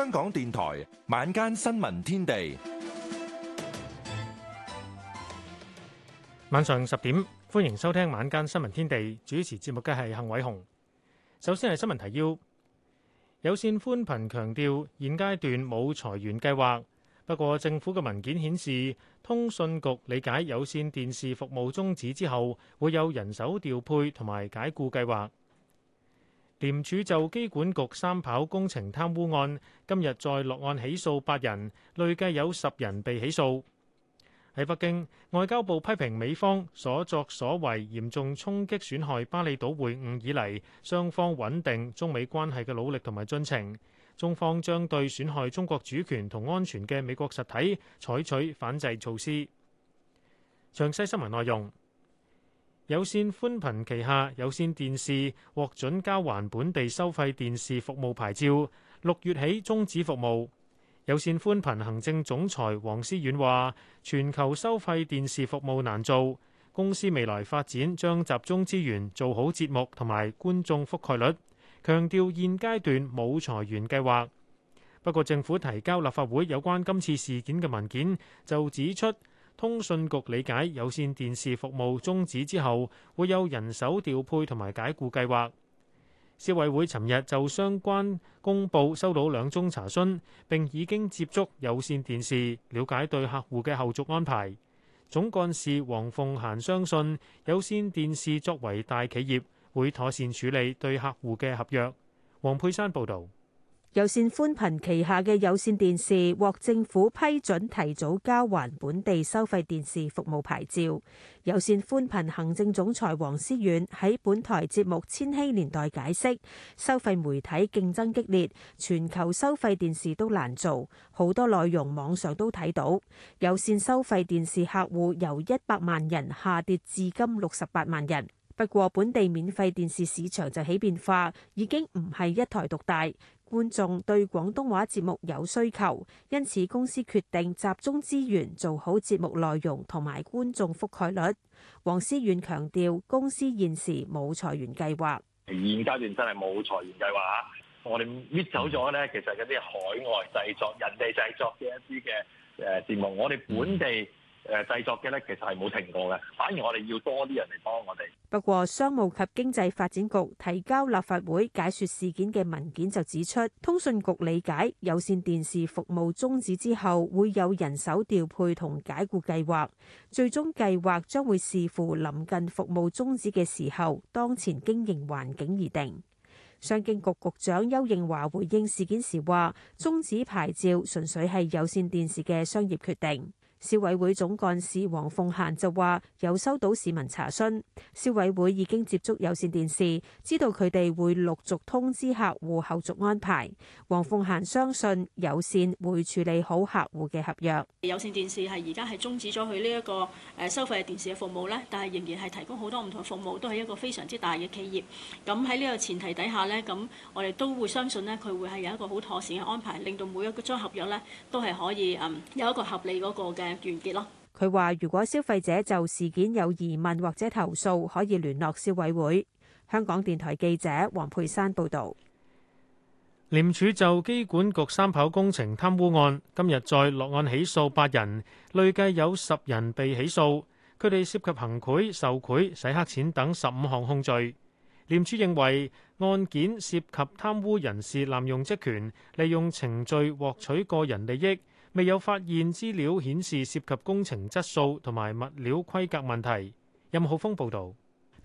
香港電台晚間新聞天地，晚上十點歡迎收聽晚間新聞天地。主持節目嘅係幸偉雄。首先係新聞提要：有綫寬頻強調現階段冇裁員計劃，不過政府嘅文件顯示，通訊局理解有綫電視服務終止之後，會有人手調配同埋解僱計劃。廉署就機管局三跑工程貪污案，今日再落案起訴八人，累計有十人被起訴。喺北京，外交部批評美方所作所為嚴重衝擊損害巴厘島會晤以嚟雙方穩定中美關係嘅努力同埋進程。中方將對損害中國主權同安全嘅美國實體採取反制措施。詳細新聞內容。有線寬頻旗下有線電視獲准交還本地收費電視服務牌照，六月起終止服務。有線寬頻行政總裁黃思遠話：全球收費電視服務難做，公司未來發展將集中資源做好節目同埋觀眾覆蓋率，強調現階段冇裁員計劃。不過政府提交立法會有關今次事件嘅文件就指出。通訊局理解有線電視服務終止之後會有人手調配同埋解僱計劃。消委會尋日就相關公布收到兩宗查詢，並已經接觸有線電視了解對客戶嘅後續安排。總幹事黃鳳嫻相信有線電視作為大企業會妥善處理對客戶嘅合約。黃佩珊報道。有線寬頻旗下嘅有線電視獲政府批准提早交還本地收費電視服務牌照。有線寬頻行政總裁黃思遠喺本台節目《千禧年代》解釋，收費媒體競爭激烈，全球收費電視都難做，好多內容網上都睇到。有線收費電視客戶由一百萬人下跌至今六十八萬人，不過本地免費電視市場就起變化，已經唔係一台獨大。觀眾對廣東話節目有需求，因此公司決定集中資源做好節目內容同埋觀眾覆蓋率。黃思遠強調，公司現時冇裁員計劃。現階段真係冇裁員計劃啊！我哋搣走咗呢，其實嗰啲海外製作、人哋製作嘅一啲嘅誒節目，我哋本地。誒製作嘅呢，其實係冇停過嘅，反而我哋要多啲人嚟幫我哋。不過，商務及經濟發展局提交立法會解說事件嘅文件就指出，通訊局理解有線電視服務終止之後會有人手調配同解雇計劃，最終計劃將會視乎臨近服務終止嘅時候、當前經營環境而定。商經局局長丘應樺回應事件時話，終止牌照純粹係有線電視嘅商業決定。消委會總幹事黃鳳嫻就話：有收到市民查詢，消委會已經接觸有線電視，知道佢哋會陸續通知客戶後續安排。黃鳳嫻相信有線會處理好客戶嘅合約。有線電視係而家係終止咗佢呢一個誒收費電視嘅服務咧，但係仍然係提供好多唔同嘅服務，都係一個非常之大嘅企業。咁喺呢個前提底下咧，咁我哋都會相信咧，佢會係有一個好妥善嘅安排，令到每一個張合約咧都係可以嗯有一個合理嗰個嘅。結佢話：如果消費者就事件有疑問或者投訴，可以聯絡消委會。香港電台記者黃佩珊報導。廉署就機管局三跑工程貪污案，今日再落案起訴八人，累計有十人被起訴。佢哋涉及行賄、受賄、洗黑錢等十五項控罪。廉署認為案件涉及貪污人士濫用職權，利用程序獲取個人利益。未有發現資料顯示涉及工程質素同埋物料規格問題。任浩峰報導。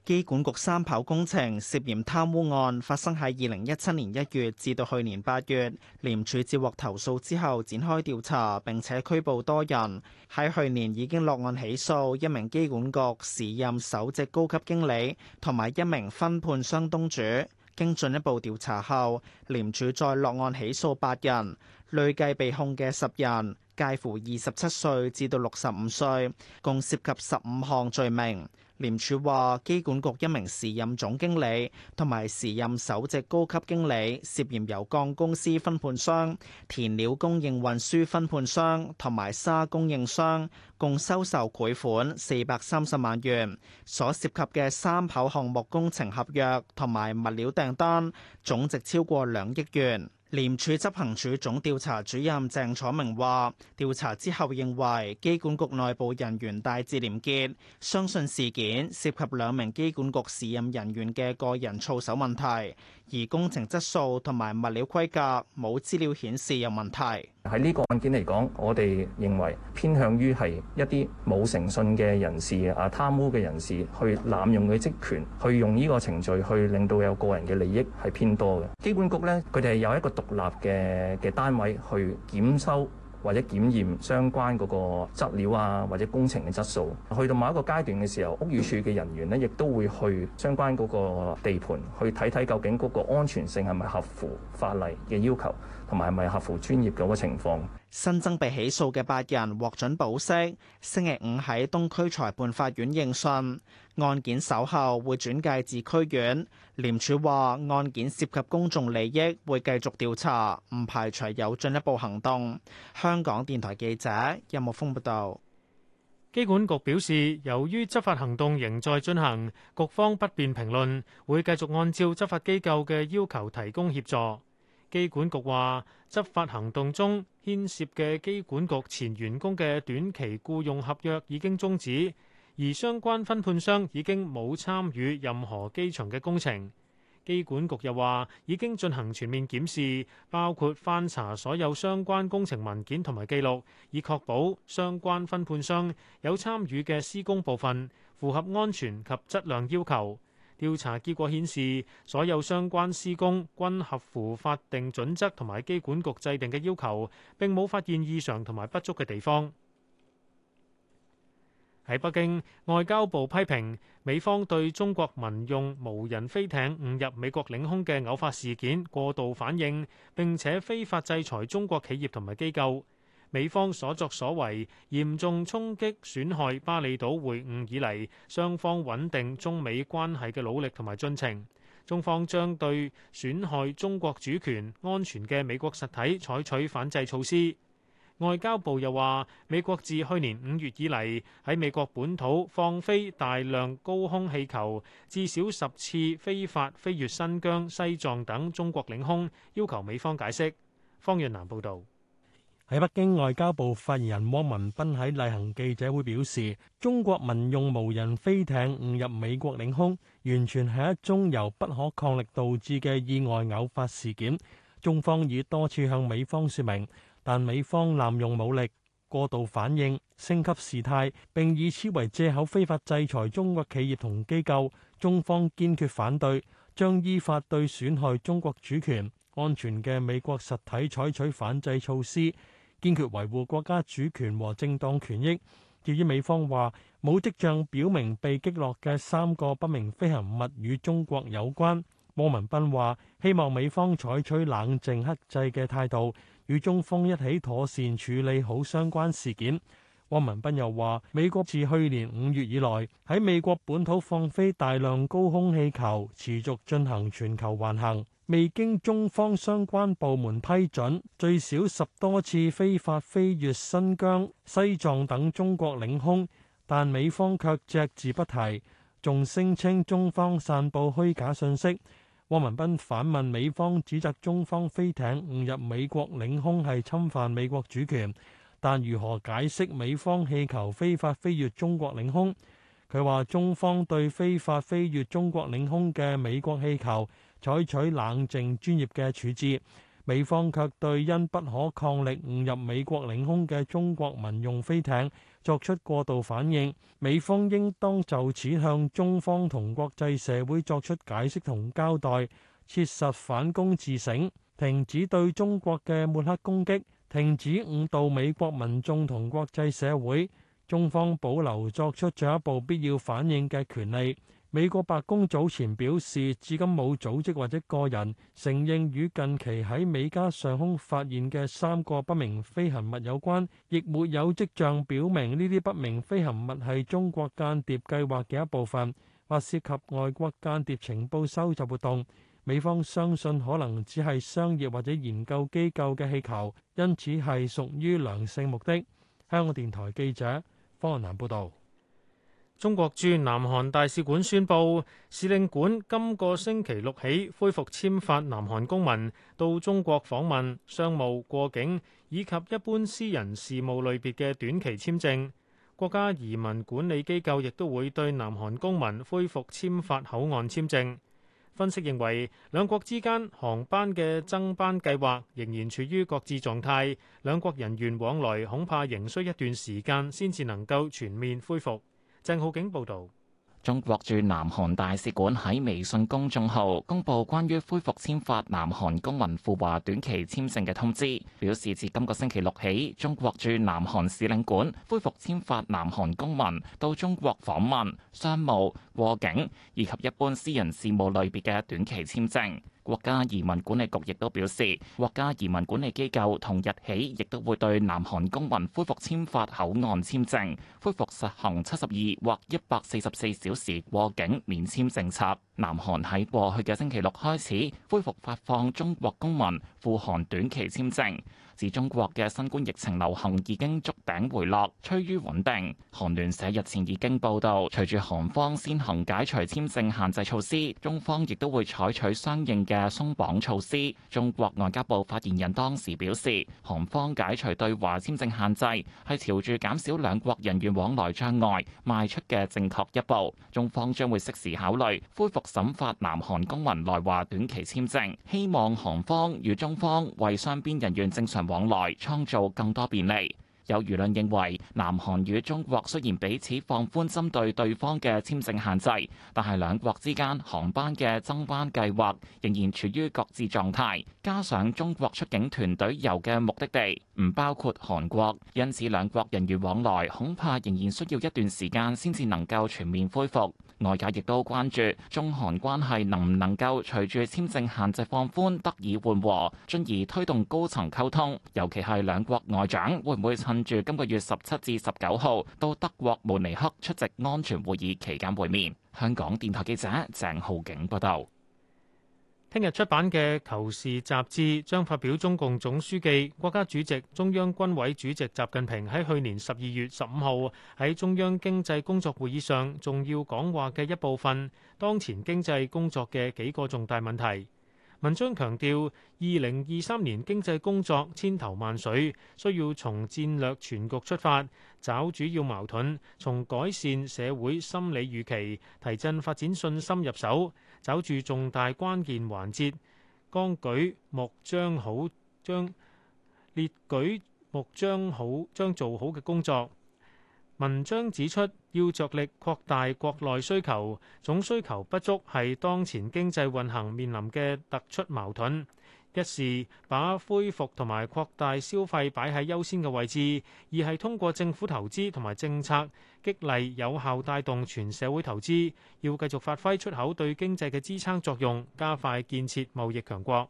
機管局三跑工程涉嫌貪污案發生喺二零一七年一月至到去年八月，廉署接獲投訴之後展開調查，並且拘捕多人。喺去年已經落案起訴一名機管局時任首席高級經理同埋一名分判商東主。經進一步調查後，廉署再落案起訴八人，累計被控嘅十人，介乎二十七歲至到六十五歲，共涉及十五項罪名。廉署話，機管局一名時任總經理同埋時任首席高級經理涉嫌油港公司分判商、填料供應運輸分判商同埋沙供應商共收受賄款四百三十萬元，所涉及嘅三跑項目工程合約同埋物料訂單總值超過兩億元。廉署執行處總調查主任鄭楚明話：調查之後認為，機管局內部人員大致廉潔，相信事件涉及兩名機管局時任人員嘅個人操守問題，而工程質素同埋物料規格冇資料顯示有問題。喺呢個案件嚟講，我哋認為偏向於係一啲冇誠信嘅人士啊，貪污嘅人士去濫用佢職權，去用呢個程序去令到有個人嘅利益係偏多嘅。基本局呢，佢哋係有一個獨立嘅嘅單位去檢收或者檢驗相關嗰個質料啊，或者工程嘅質素。去到某一個階段嘅時候，屋宇署嘅人員呢，亦都會去相關嗰個地盤去睇睇究竟嗰個安全性係咪合乎法例嘅要求。同埋係咪合乎專業咁嘅情況？新增被起訴嘅八人獲准保釋，星期五喺東區裁判法院應訊，案件稍後會轉介至區院。廉署話案件涉及公眾利益，會繼續調查，唔排除有進一步行動，香港電台記者任木峯報道。機管局表示，由於執法行動仍在進行，局方不便評論，會繼續按照執法機構嘅要求提供協助。機管局話，執法行動中牽涉嘅機管局前員工嘅短期僱用合約已經終止，而相關分判商已經冇參與任何機場嘅工程。機管局又話，已經進行全面檢視，包括翻查所有相關工程文件同埋記錄，以確保相關分判商有參與嘅施工部分符合安全及質量要求。調查結果顯示，所有相關施工均合乎法定準則同埋機管局制定嘅要求，並冇發現異常同埋不足嘅地方。喺北京，外交部批評美方對中國民用無人飛艇誤入美國領空嘅偶發事件過度反應，並且非法制裁中國企業同埋機構。美方所作所為嚴重衝擊損害巴厘島會晤以嚟雙方穩定中美關係嘅努力同埋進程，中方將對損害中國主權安全嘅美國實體採取反制措施。外交部又話，美國自去年五月以嚟喺美國本土放飛大量高空氣球，至少十次非法飛越新疆、西藏等中國領空，要求美方解釋。方潤南報道。喺北京外交部發言人汪文斌喺例行記者會表示，中國民用無人飛艇誤入美國領空，完全係一宗由不可抗力導致嘅意外偶發事件。中方已多次向美方說明，但美方濫用武力、過度反應、升級事態，並以此為借口非法制裁中國企業同機構。中方堅決反對，將依法對損害中國主權安全嘅美國實體採取反制措施。堅決維護國家主權和正當權益。至於美方話冇跡象表明被擊落嘅三個不明飛行物與中國有關，汪文斌話希望美方採取冷靜克制嘅態度，與中方一起妥善處理好相關事件。汪文斌又話，美國自去年五月以來喺美國本土放飛大量高空氣球，持續進行全球環行。未經中方相關部門批准，最少十多次非法飛越新疆、西藏等中國領空，但美方卻隻字不提，仲聲稱中方散布虛假信息。汪文斌反問美方，指責中方飛艇誤入美國領空係侵犯美國主權，但如何解釋美方氣球非法飛越中國領空？佢話中方對非法飛越中國領空嘅美國氣球，採取冷靜專業嘅處置，美方卻對因不可抗力誤入美國領空嘅中國民用飛艇作出過度反應，美方應當就此向中方同國際社會作出解釋同交代，切實反躬自省，停止對中國嘅抹黑攻擊，停止誤導美國民眾同國際社會。中方保留作出進一步必要反應嘅權利。美國白宮早前表示，至今冇組織或者個人承認與近期喺美加上空發現嘅三個不明飛行物有關，亦沒有跡象表明呢啲不明飛行物係中國間諜計劃嘅一部分或涉及外國間諜情報收集活動。美方相信可能只係商業或者研究機構嘅氣球，因此係屬於良性目的。香港電台記者方雲南報道。中國駐南韓大使館宣布，使領館今個星期六起恢復簽發南韓公民到中國訪問、商務、過境以及一般私人事務類別嘅短期簽證。國家移民管理機構亦都會對南韓公民恢復簽發口岸簽證。分析認為，兩國之間航班嘅增班計劃仍然處於擱置狀態，兩國人員往來恐怕仍需一段時間先至能夠全面恢復。鄭浩景報道，中國駐南韓大使館喺微信公眾號公布關於恢復簽發南韓公民赴華短期簽證嘅通知，表示自今個星期六起，中國駐南韓使領館恢復簽發南韓公民到中國訪問、商務、過境以及一般私人事務類別嘅短期簽證。國家移民管理局亦都表示，國家移民管理機構同日起亦都會對南韓公民恢復簽發口岸簽證，恢復實行七十二或一百四十四小時過境免簽政策。南韓喺過去嘅星期六開始，恢復發放中國公民赴韓短期簽證。指中國嘅新冠疫情流行已經觸頂回落，趨於穩定。韓聯社日前已經報道，隨住韓方先行解除簽證限制措施，中方亦都會採取相應嘅鬆綁措施。中國外交部發言人當時表示，韓方解除對華簽證限制係朝住減少兩國人員往來障礙，邁出嘅正確一步。中方將會適時考慮恢復審發南韓公民來華短期簽證，希望韓方與中方為雙邊人員正常往來，創造更多便利。有輿論認為，南韓與中國雖然彼此放寬針對對方嘅簽證限制，但係兩國之間航班嘅增班計劃仍然處於各自狀態。加上中國出境團隊遊嘅目的地唔包括韓國，因此兩國人員往來恐怕仍然需要一段時間先至能夠全面恢復。外界亦都關注中韓關係能唔能夠隨住簽證限制放寬得以緩和，進而推動高層溝通。尤其係兩國外長會唔會趁住今個月十七至十九號到德國慕尼黑出席安全會議期間會面？香港電台記者鄭浩景報道。聽日出版嘅《求是雜誌》雜誌將發表中共總書記、國家主席、中央軍委主席習近平喺去年十二月十五號喺中央經濟工作會議上重要講話嘅一部分：當前經濟工作嘅幾個重大問題，文章強調，二零二三年經濟工作千頭萬緒，需要從戰略全局出發，找主要矛盾，從改善社會心理預期、提振發展信心入手。守住重大關鍵環節，剛舉目將好將列舉目將好將做好嘅工作。文章指出，要着力擴大國內需求，總需求不足係當前經濟運行面臨嘅突出矛盾。一是把恢復同埋擴大消費擺喺優先嘅位置，二係通過政府投資同埋政策激勵，有效帶動全社會投資，要繼續發揮出口對經濟嘅支撐作用，加快建設貿易強國。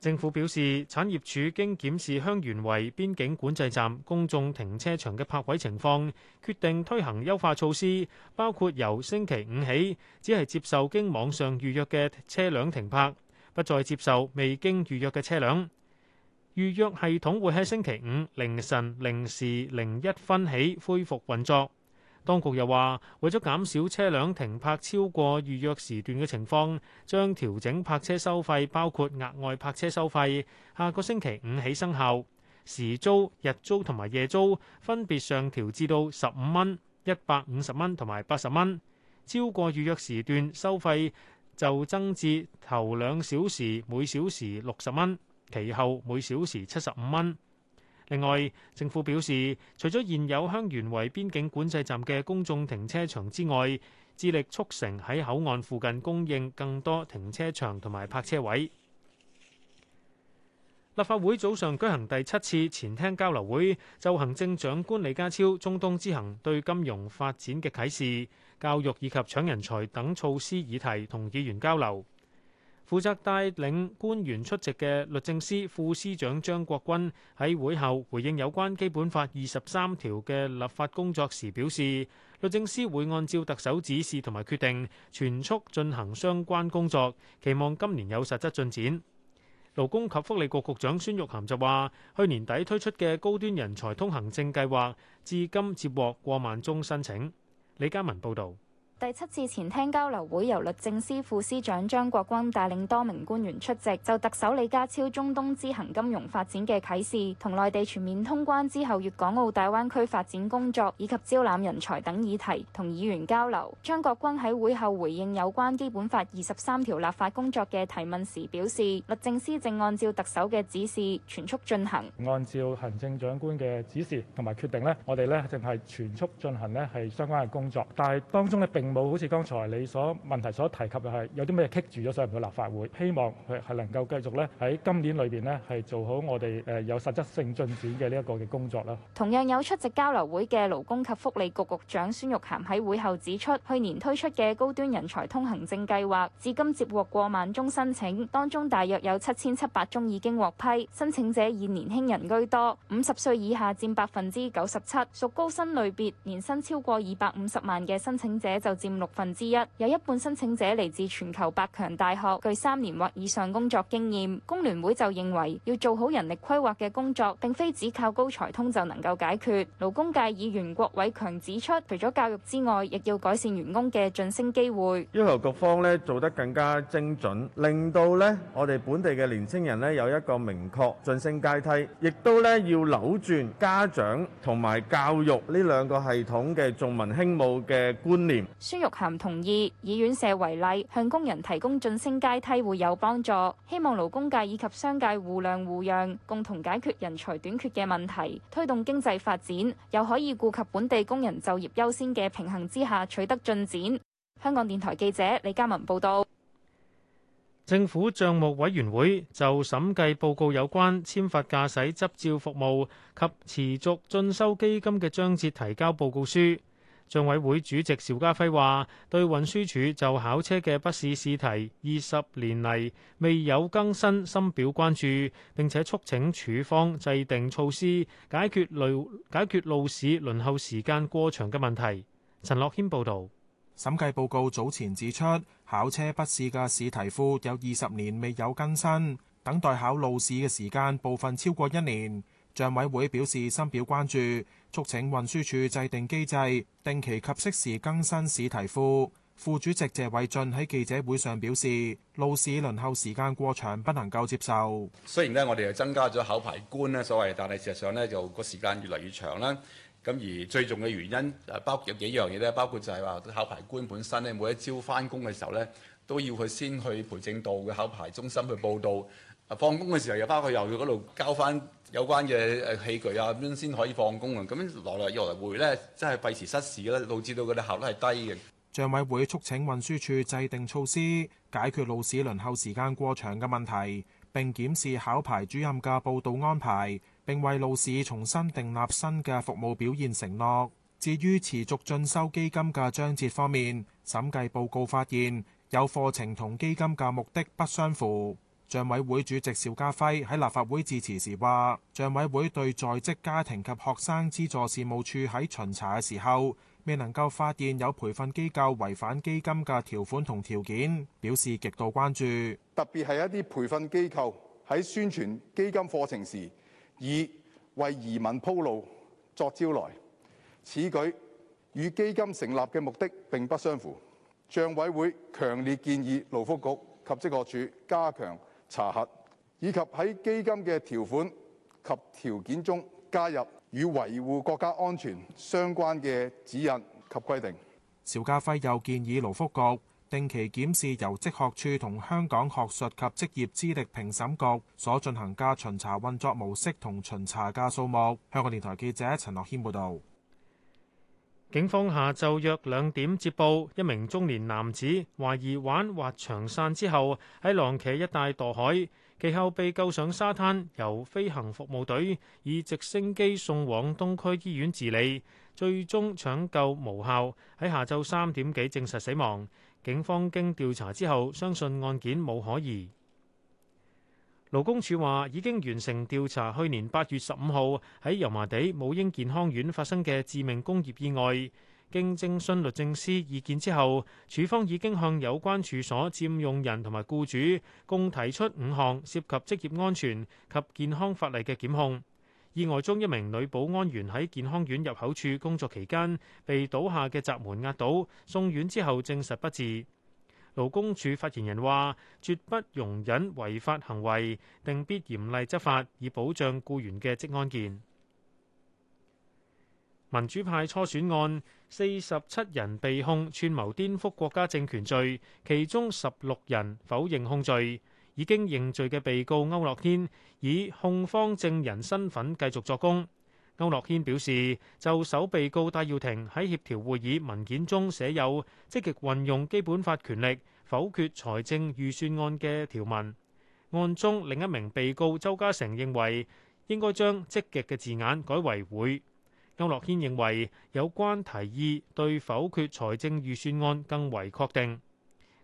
政府表示，產業署經檢視香園圍邊境管制站公眾停車場嘅泊位情況，決定推行優化措施，包括由星期五起只係接受經網上預約嘅車輛停泊，不再接受未經預約嘅車輛。預約系統會喺星期五凌晨零時零一分起恢復運作。當局又話，為咗減少車輛停泊超過預約時段嘅情況，將調整泊車收費，包括額外泊車收費。下個星期五起生效，時租、日租同埋夜租分別上調至到十五蚊、一百五十蚊同埋八十蚊。超過預約時段收費就增至頭兩小時每小時六十蚊，其後每小時七十五蚊。另外，政府表示，除咗現有香園圍邊境管制站嘅公眾停車場之外，致力促成喺口岸附近供應更多停車場同埋泊車位。立法會早上舉行第七次前廳交流會，就行政長官李家超中東之行對金融發展嘅啟示、教育以及搶人才等措施議題同議員交流。負責帶領官員出席嘅律政司副司長張國鈞喺會後回應有關《基本法》二十三條嘅立法工作時表示，律政司會按照特首指示同埋決定，全速進行相關工作，期望今年有實質進展。勞工及福利局局,局長孫玉菡就話，去年底推出嘅高端人才通行證計劃，至今接獲過萬宗申請。李嘉文報道。第七次前廳交流會由律政司副司長張國軍帶領多名官員出席，就特首李家超中東之行金融發展嘅啟示，同內地全面通關之後粵港澳大灣區發展工作以及招攬人才等議題同議員交流。張國軍喺會後回應有關《基本法》二十三條立法工作嘅提問時表示，律政司正按照特首嘅指示全速進行。按照行政長官嘅指示同埋決定，呢我哋呢，淨係全速進行呢係相關嘅工作，但係當中呢並。冇好似剛才你所問題所提及嘅係有啲咩棘住咗上唔到立法會？希望佢係能夠繼續咧喺今年裏邊呢係做好我哋誒有實質性進展嘅呢一個嘅工作啦。同樣有出席交流會嘅勞工及福利局局長孫玉菡喺會後指出，去年推出嘅高端人才通行證計劃，至今接獲過萬宗申請，當中大約有七千七百宗已經獲批。申請者以年輕人居多，五十歲以下佔百分之九十七，屬高薪類別，年薪超過二百五十萬嘅申請者就，佔六分之一，有一半申請者嚟自全球百強大學，具三年或以上工作經驗。工聯會就認為要做好人力規劃嘅工作，並非只靠高才通就能夠解決。勞工界議員郭偉強指出，除咗教育之外，亦要改善員工嘅晉升機會。要求局方呢做得更加精準，令到呢我哋本地嘅年輕人呢有一個明確晉升階梯，亦都呢要扭轉家長同埋教育呢兩個系統嘅重文輕武嘅觀念。孫玉涵同意，以院舍為例，向工人提供晉升階梯會有幫助。希望勞工界以及商界互諒互讓，共同解決人才短缺嘅問題，推動經濟發展，又可以顧及本地工人就業優先嘅平衡之下取得進展。香港電台記者李嘉文報道。政府帳目委員會就審計報告有關簽發駕駛執照服務及持續進修基金嘅章節提交報告書。政委會主席邵家輝話：對運輸署就考車嘅筆試試題二十年嚟未有更新，深表關注，並且促請署方制定措施解決，解決路解決路試輪候時間過長嘅問題。陳樂軒報導。審計報告早前指出，考車筆試嘅試題庫有二十年未有更新，等待考路試嘅時間部分超過一年。上委會表示深表關注，促請運輸署制定機制，定期及適時更新試題庫。副主席謝偉俊喺記者會上表示，路試輪候時間過長不能夠接受。雖然呢，我哋又增加咗考牌官呢，所謂，但係事實上呢，就個時間越嚟越長啦。咁而最重嘅原因啊，包括有幾樣嘢咧，包括就係話考牌官本身呢，每一朝翻工嘅時候呢，都要去先去培正道嘅考牌中心去報到啊，放工嘅時候又包括又要嗰度交翻。有關嘅器具啊，咁樣先可以放工啊。咁樣來來又來回咧，真係費時失事啦，導致到佢哋效率係低嘅。帳委會促請運輸署制定措施，解決路試輪候時間過長嘅問題，並檢視考牌主任嘅報到安排，並為路試重新訂立新嘅服務表現承諾。至於持續進修基金嘅章節方面，審計報告發現有課程同基金嘅目的不相符。賬委會主席邵家輝喺立法會致辭時話，賬委會對在職家庭及學生資助事務處喺巡查嘅時候未能夠發現有培訓機構違反基金嘅條款同條件，表示極度關注。特別係一啲培訓機構喺宣傳基金課程時，以為移民鋪路作招來，此舉與基金成立嘅目的並不相符。賬委會強烈建議勞福局及職學處加強。查核，以及喺基金嘅條款及條件中加入與維護國家安全相關嘅指引及規定。邵家輝又建議勞福局定期檢視由職學處同香港學術及職業資歷評審局所進行嘅巡查運作模式同巡查嘅數目。香港電台記者陳樂謙報道。警方下晝約兩點接報，一名中年男子懷疑玩滑翔傘之後喺浪茄一帶墮海，其後被救上沙灘，由飛行服務隊以直升機送往東區醫院治理，最終搶救無效，喺下晝三點幾證實死亡。警方經調查之後，相信案件冇可疑。勞工處話已經完成調查去年八月十五號喺油麻地母嬰健康院發生嘅致命工業意外，經徵詢律政司意見之後，處方已經向有關處所佔用人同埋僱主共提出五項涉及職業安全及健康法例嘅檢控。意外中一名女保安員喺健康院入口處工作期間被倒下嘅閘門壓倒，送院之後證實不治。勞工處發言人話，絕不容忍違法行為，定必嚴厲執法，以保障僱員嘅職安健。民主派初選案，四十七人被控串謀顛覆國家政權罪，其中十六人否認控罪。已經認罪嘅被告歐樂軒，以控方證人身份繼續作供。區諾軒表示，就首被告戴耀廷喺協調會議文件中寫有積極運用基本法權力否決財政預算案嘅條文。案中另一名被告鄒家成認為應該將積極嘅字眼改為會。區諾軒認為有關提議對否決財政預算案更為確定。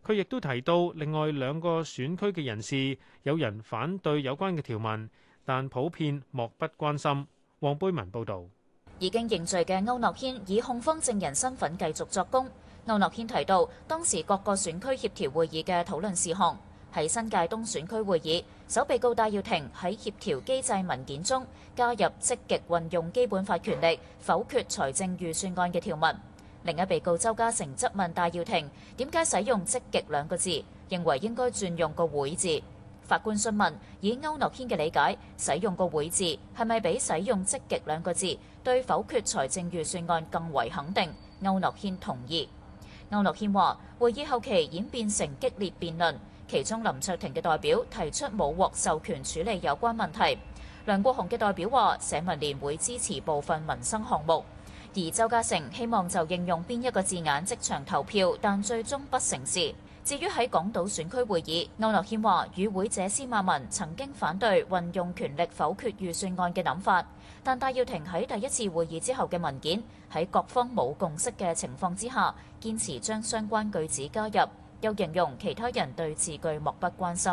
佢亦都提到，另外兩個選區嘅人士有人反對有關嘅條文，但普遍漠不關心。黃貝文報道，已經認罪嘅歐諾軒以控方證人身份繼續作供。歐諾軒提到，當時各個選區協調會議嘅討論事項喺新界東選區會議，首被告戴耀廷喺協調機制文件中加入積極運用基本法權力否決財政預算案嘅條文。另一被告周家成質問戴耀廷點解使用積極兩個字，認為應該轉用個會字。法官詢問：以歐諾軒嘅理解，使用個會字係咪比使用積極兩個字對否決財政預算案更為肯定？歐諾軒同意。歐諾軒話：會議後期演變成激烈辯論，其中林卓廷嘅代表提出冇獲授權處理有關問題。梁國雄嘅代表話：社民連會支持部分民生項目。而周家成希望就應用邊一個字眼即場投票，但最終不成事。至於喺港島選區會議，區諾軒話與會者司馬文曾經反對運用權力否決預算案嘅諗法，但戴耀廷喺第一次會議之後嘅文件喺各方冇共識嘅情況之下，堅持將相關句子加入，又形容其他人對字句漠不關心。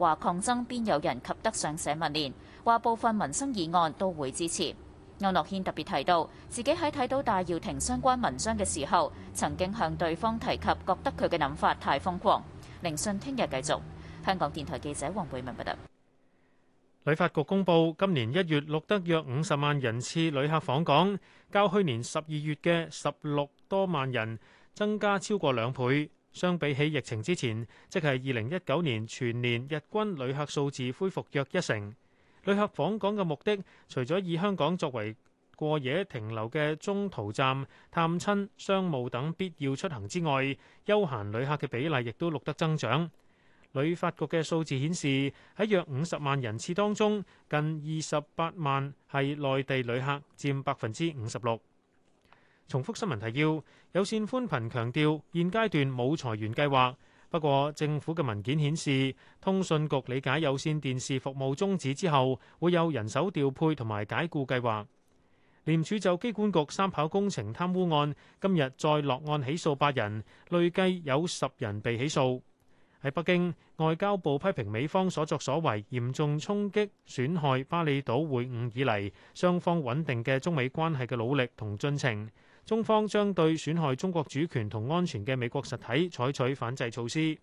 話抗爭邊有人及得上社民連？話部分民生議案都會支持。區諾軒特別提到，自己喺睇到戴耀廷相關文章嘅時候，曾經向對方提及覺得佢嘅諗法太瘋狂。聆訊聽日繼續。香港電台記者黃貝文報道。旅發局公布，今年一月錄得約五十萬人次旅客訪港，較去年十二月嘅十六多萬人增加超過兩倍。相比起疫情之前，即係二零一九年全年日均旅客數字，恢復約一成。旅客訪港嘅目的，除咗以香港作為過夜停留嘅中途站、探親、商務等必要出行之外，休閒旅客嘅比例亦都錄得增長，旅發局嘅數字顯示，喺約五十萬人次當中，近二十八萬係內地旅客占，占百分之五十六。重複新聞提要：有線寬頻強調現階段冇裁員計劃，不過政府嘅文件顯示，通訊局理解有線電視服務終止之後會有人手調配同埋解僱計劃。廉署就機管局三跑工程貪污案，今日再落案起訴八人，累計有十人被起訴。喺北京，外交部批評美方所作所為嚴重衝擊損害巴厘島會晤以嚟雙方穩定嘅中美關係嘅努力同進程。中方將對損害中國主權同安全嘅美國實體採取反制措施。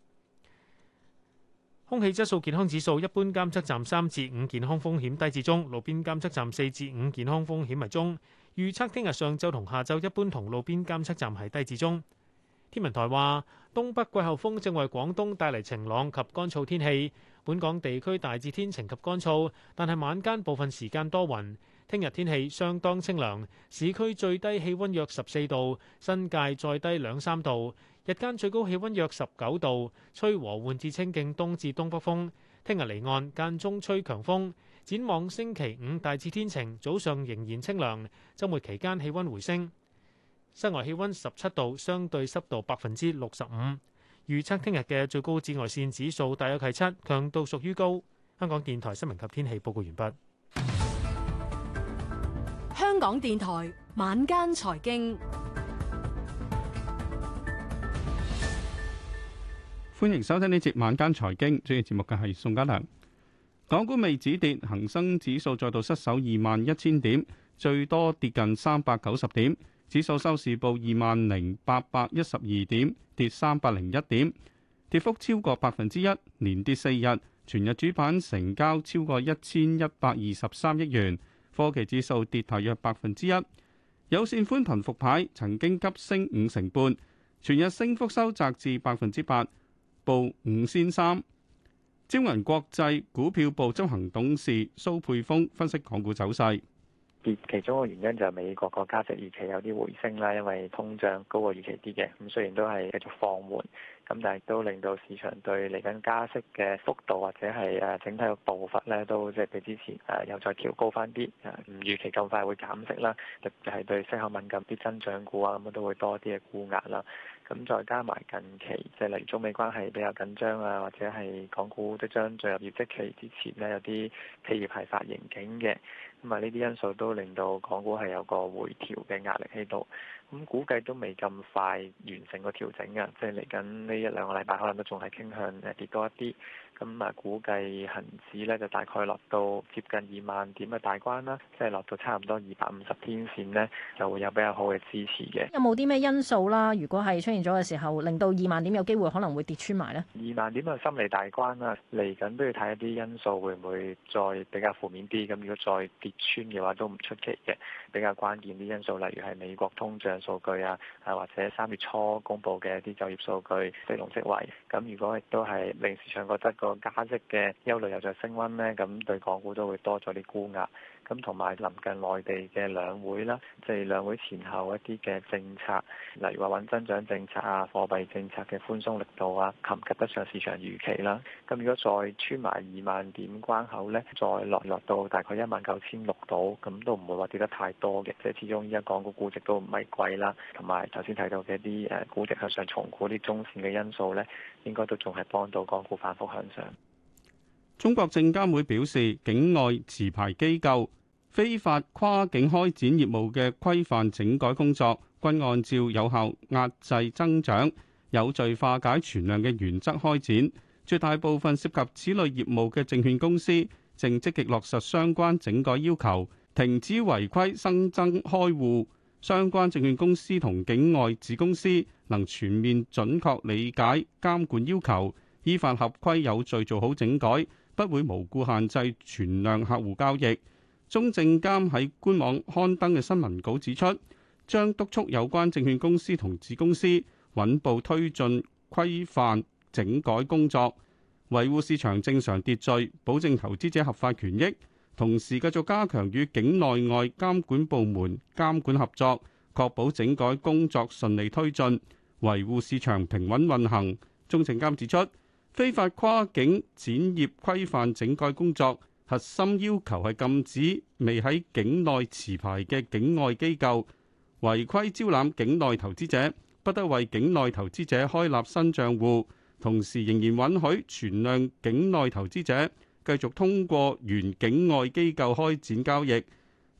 空氣質素健康指數，一般監測站三至五健康風險低至中，路邊監測站四至五健康風險為中。預測聽日上晝同下晝一般同路邊監測站係低至中。天文台話，東北季候風正為廣東帶嚟晴朗及乾燥天氣，本港地區大致天晴及乾燥，但係晚間部分時間多雲。聽日天氣相當清涼，市區最低氣温約十四度，新界再低兩三度。日間最高氣温約十九度，吹和緩至清勁東至東北風。聽日離岸間中吹強風。展望星期五大致天晴，早上仍然清涼，周末期間氣温回升。室外氣温十七度，相對濕度百分之六十五。預測聽日嘅最高紫外線指數大約係七，強度屬於高。香港電台新聞及天氣報告完畢。香港電台晚間財經，歡迎收聽呢節晚間財經。主持節目嘅係宋家良。港股未止跌，恒生指數再度失守二萬一千點，最多跌近三百九十點，指數收市報二萬零八百一十二點，跌三百零一點，跌幅超過百分之一，連跌四日。全日主板成交超過一千一百二十三億元。科技指數跌大約百分之一，有線寬頻復牌，曾經急升五成半，全日升幅收窄至百分之八，報五仙三。招銀國際股票部執行董事蘇佩峰分析港股走勢，其中嘅原因就係美國個加息預期有啲回升啦，因為通脹高過預期啲嘅，咁雖然都係繼續放緩。咁但係都令到市場對嚟緊加息嘅幅度或者係誒整體嘅步伐咧，都即係比之前誒又再調高翻啲，唔預期咁快會減息啦。特別係對息口敏感啲增長股啊，咁啊都會多啲嘅沽壓啦。咁再加埋近期即係例如中美關係比較緊張啊，或者係港股即將進入業績期之前咧，有啲企業係發盈警嘅。咁啊，呢啲因素都令到港股係有個回調嘅壓力喺度。咁估計都未咁快完成個調整㗎，即係嚟緊呢一兩個禮拜，可能都仲係傾向誒跌多一啲。咁啊，估計恒指咧就大概落到接近二萬點嘅大關啦，即係落到差唔多二百五十天線咧，就會有比較好嘅支持嘅。有冇啲咩因素啦？如果係出現咗嘅時候，令到二萬點有機會可能會跌穿埋咧？二萬點啊，心理大關啦，嚟緊都要睇一啲因素會唔會再比較負面啲。咁如果再跌穿嘅話，都唔出奇嘅。比較關鍵啲因素，例如係美國通脹數據啊，啊或者三月初公布嘅一啲就業數據，即非農職位。咁如果亦都係令市場覺得個加息嘅憂慮又再升溫咧，咁對港股都會多咗啲沽壓。咁同埋臨近內地嘅兩會啦，即係兩會前後一啲嘅政策，例如話穩增長政策啊、貨幣政策嘅寬鬆力度啊，及唔及得上市場預期啦？咁如果再穿埋二萬點關口咧，再落落到大概一萬九千六度，咁都唔會話跌得太多嘅。即係始終依家港股估值都唔係貴啦，同埋頭先提到嘅啲誒估值向上重估啲中線嘅因素咧，應該都仲係幫到港股反覆向上。中國證監會表示，境外持牌機構，非法跨境開展業務嘅規範整改工作，均按照有效壓制增長、有序化解存量嘅原則開展。絕大部分涉及此類業務嘅證券公司，正積極落實相關整改要求，停止違規新增開戶。相關證券公司同境外子公司能全面準確理解監管要求，依法合規有序做好整改，不會無故限制存量客戶交易。中證監喺官網刊登嘅新聞稿指出，將督促有關證券公司同子公司穩步推進規範整改工作，維護市場正常秩序，保證投資者合法權益。同時，繼續加強與境內外監管部門監管合作，確保整改工作順利推進，維護市場平穩運行。中證監指出，非法跨境展業規範整改工作。核心要求係禁止未喺境內持牌嘅境外機構違規招攬境內投資者，不得為境內投資者開立新賬戶，同時仍然允許存量境內投資者繼續通過原境外機構開展交易，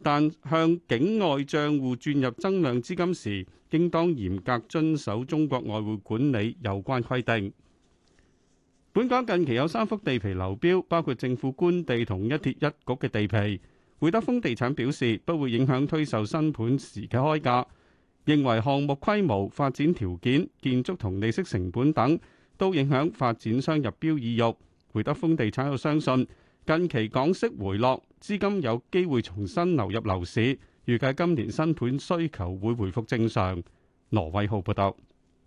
但向境外賬戶轉入增量資金時，應當嚴格遵守中國外匯管理有關規定。本港近期有三幅地皮流標，包括政府官地同一鐵一局嘅地皮。匯德豐地產表示不會影響推售新盤時嘅開價，認為項目規模、發展條件、建築同利息成本等都影響發展商入標意欲。匯德豐地產又相信近期港息回落，資金有機會重新流入樓市，預計今年新盤需求會回復正常。羅偉浩報導。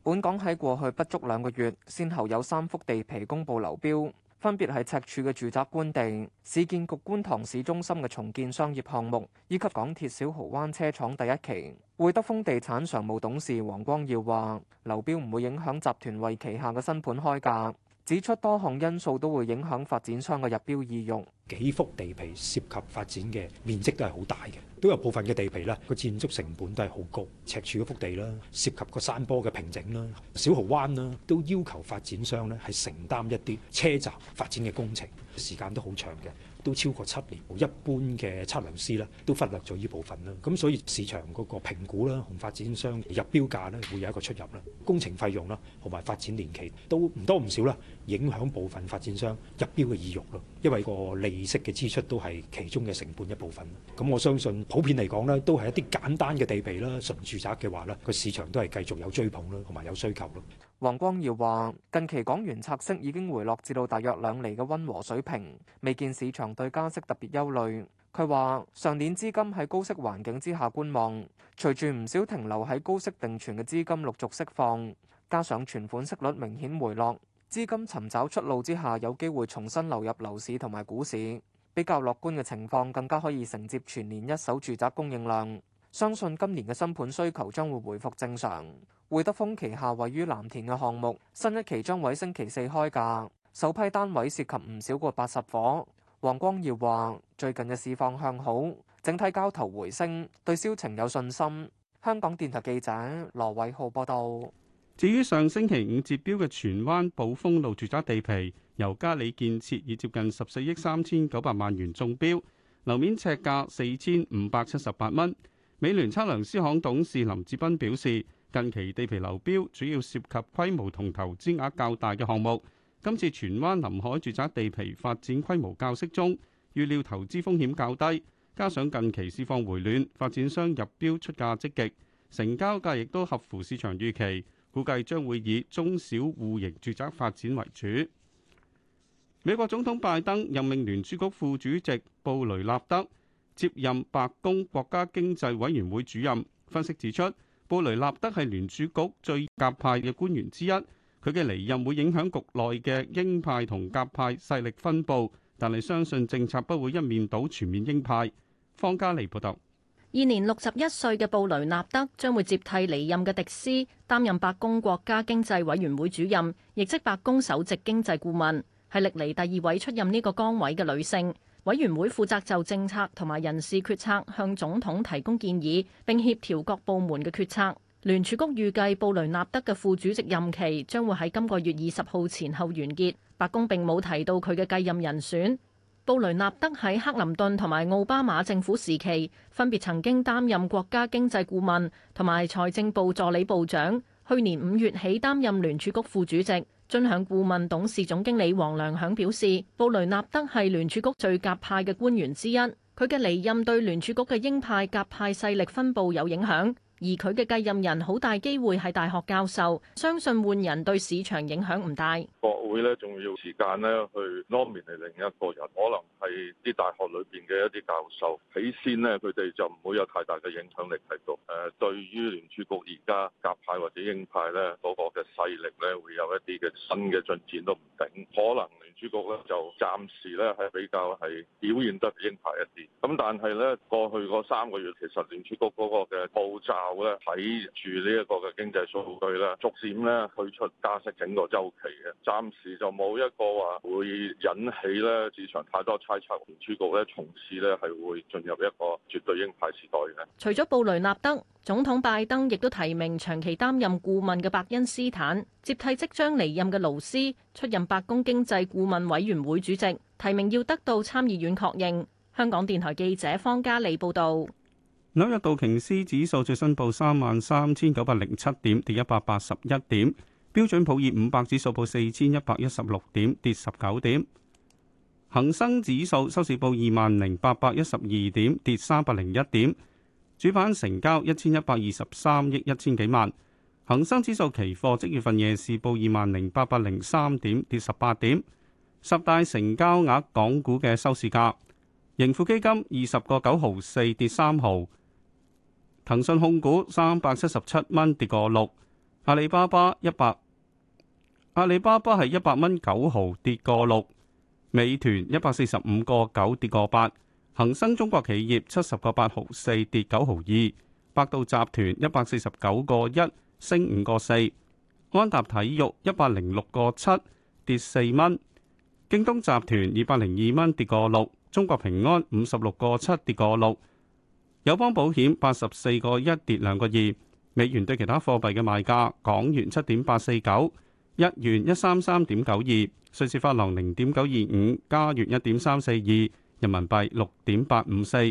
本港喺過去不足兩個月，先後有三幅地皮公佈流標，分別係赤柱嘅住宅官地、市建局觀塘市中心嘅重建商業項目、以及港鐵小蠔灣車廠第一期。會德豐地產常務董事黃光耀話：流標唔會影響集團為旗下嘅新盤開價，指出多項因素都會影響發展商嘅入標意欲。幾幅地皮涉及發展嘅面積都係好大嘅，都有部分嘅地皮啦，個建築成本都係好高。赤柱嗰幅地啦，涉及個山坡嘅平整啦、小蠔灣啦，都要求發展商呢係承擔一啲車站發展嘅工程，時間都好長嘅，都超過七年。一般嘅測量師啦，都忽略咗呢部分啦。咁所以市場嗰個評估啦，同發展商入標價呢會有一個出入啦。工程費用啦，同埋發展年期都唔多唔少啦，影響部分發展商入標嘅意欲咯。因為個利利息嘅支出都係其中嘅成本一部分。咁我相信普遍嚟講咧，都係一啲簡單嘅地皮啦，純住宅嘅話咧，個市場都係繼續有追捧咯，同埋有需求咯。黃光耀話：近期港元拆息已經回落至到大約兩厘嘅溫和水平，未見市場對加息特別憂慮。佢話上年資金喺高息環境之下觀望，隨住唔少停留喺高息定存嘅資金陸續釋放，加上存款息率明顯回落。資金尋找出路之下，有機會重新流入樓市同埋股市，比較樂觀嘅情況更加可以承接全年一手住宅供應量。相信今年嘅新盤需求將會回復正常。會德豐旗下位於藍田嘅項目新一期將喺星期四開價，首批單位涉及唔少過八十伙。黃光耀話：最近嘅市況向好，整體交投回升，對銷情有信心。香港電台記者羅偉浩報道。至於上星期五截標嘅荃灣寶豐路住宅地皮，由嘉里建設以接近十四億三千九百萬元中標，樓面尺價四千五百七十八蚊。美聯測量師行董事林志斌表示，近期地皮流標主要涉及規模同投資額較大嘅項目。今次荃灣臨海住宅地皮發展規模較適中，預料投資風險較低。加上近期市況回暖，發展商入標出價積極，成交價亦都合乎市場預期。估計將會以中小戶型住宅發展為主。美國總統拜登任命聯儲局副主席布雷納德接任白宮國家經濟委員會主任。分析指出，布雷納德係聯儲局最鴿派嘅官員之一，佢嘅離任會影響局內嘅鷹派同鴿派勢力分布，但係相信政策不會一面倒全面鷹派。方嘉利報道。現年六十一歲嘅布雷納德將會接替離任嘅迪斯，擔任白宮國家經濟委員會主任，亦即白宮首席經濟顧問，係歷嚟第二位出任呢個崗位嘅女性。委員會負責就政策同埋人事決策向總統提供建議，並協調各部門嘅決策。聯儲局預計布雷納德嘅副主席任期將會喺今個月二十號前後完結。白宮並冇提到佢嘅繼任人選。布雷納德喺克林頓同埋奧巴馬政府時期，分別曾經擔任國家經濟顧問同埋財政部助理部長，去年五月起擔任聯儲局副主席。尊享顧問董事總經理黃良響表示，布雷納德係聯儲局最鴿派嘅官員之一，佢嘅離任對聯儲局嘅鷹派鴿派勢力分布有影響，而佢嘅繼任人好大機會係大學教授，相信換人對市場影響唔大。國會咧仲要時間咧去 nominate 另一個人，可能係啲大學裏邊嘅一啲教授，起先咧佢哋就唔會有太大嘅影響力喺度。誒，對於聯儲局而家鴿派或者鷹派咧嗰、那個嘅勢力咧，會有一啲嘅新嘅進展都唔定。可能聯儲局咧就暫時咧係比較係表現得鷹派一啲。咁但係咧過去嗰三個月其實聯儲局嗰個嘅步驟咧睇住呢一個嘅經濟數據咧逐漸咧退出加息整個周期嘅。暫時就冇一個話會引起呢，市場太多猜測，聯儲局咧從此咧係會進入一個絕對鷹派時代嘅。除咗布雷納德，總統拜登亦都提名長期擔任顧問嘅伯恩斯坦接替即將離任嘅勞斯出任白宮經濟顧問委員會主席，提名要得到參議院確認。香港電台記者方嘉利報導。紐約道瓊斯指數最新報三萬三千九百零七點，跌一百八十一點。標準普爾五百指數報四千一百一十六點，跌十九點。恒生指數收市報二萬零八百一十二點，跌三百零一點。主板成交一千一百二十三億一千幾萬。恒生指數期貨即月份夜市報二萬零八百零三點，跌十八點。十大成交額港股嘅收市價，盈富基金二十個九毫四，跌三毫。騰訊控股三百七十七蚊，跌個六。阿里巴巴一百，阿里巴巴係一百蚊九毫，跌個六。美團一百四十五個九，跌個八。恒生中國企業七十個八毫四，跌九毫二。百度集團一百四十九個一，升五個四。安踏體育一百零六個七，跌四蚊。京東集團二百零二蚊，跌個六。中國平安五十六個七，跌個六。友邦保險八十四個一，跌兩個二。美元對其他貨幣嘅賣價：港元七點八四九，日元一三三點九二，瑞士法郎零點九二五，加元一點三四二，人民幣六點八五四，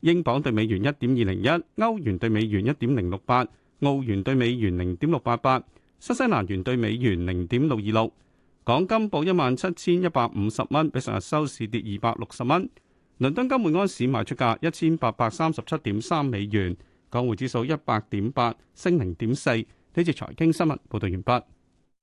英鎊對美元一點二零一，歐元對美元一點零六八，澳元對美元零點六八八，新西蘭元對美元零點六二六。港金報一萬七千一百五十蚊，比上日收市跌二百六十蚊。倫敦金每安士賣出價一千八百三十七點三美元。港匯指數一百點八升零點四，呢次財經新聞報道完畢。